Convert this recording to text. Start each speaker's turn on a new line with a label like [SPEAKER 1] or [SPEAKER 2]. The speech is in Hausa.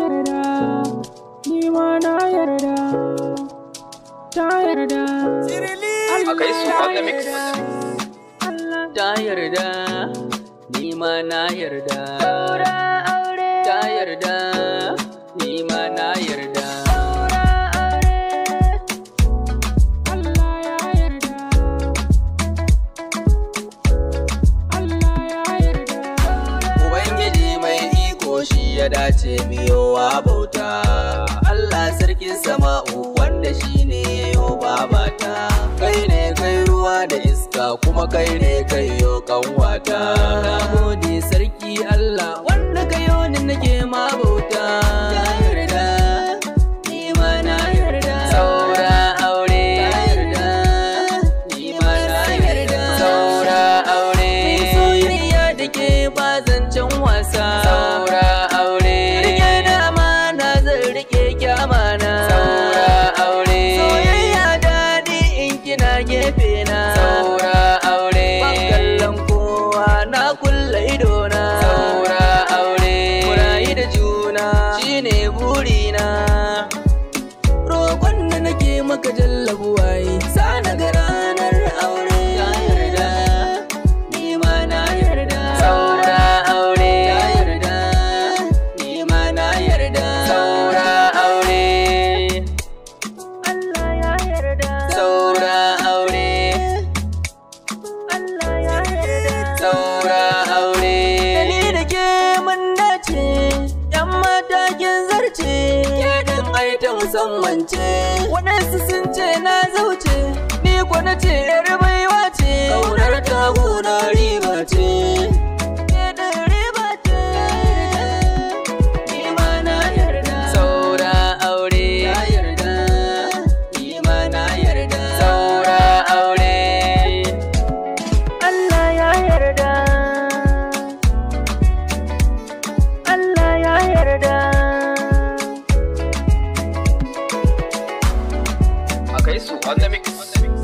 [SPEAKER 1] yarda ni ma na yarda ta mix ni ma na yarda ta yarda ya dace biyowa bauta Allah sarkin sama'u wanda shi shine yayo bata kai ne kai ruwa da iska kuma kai ne kai yo kanwata ne burina roƙon da nake maka jallabo musamman ce waɗansu sun ce na zauce ni kwanace ce living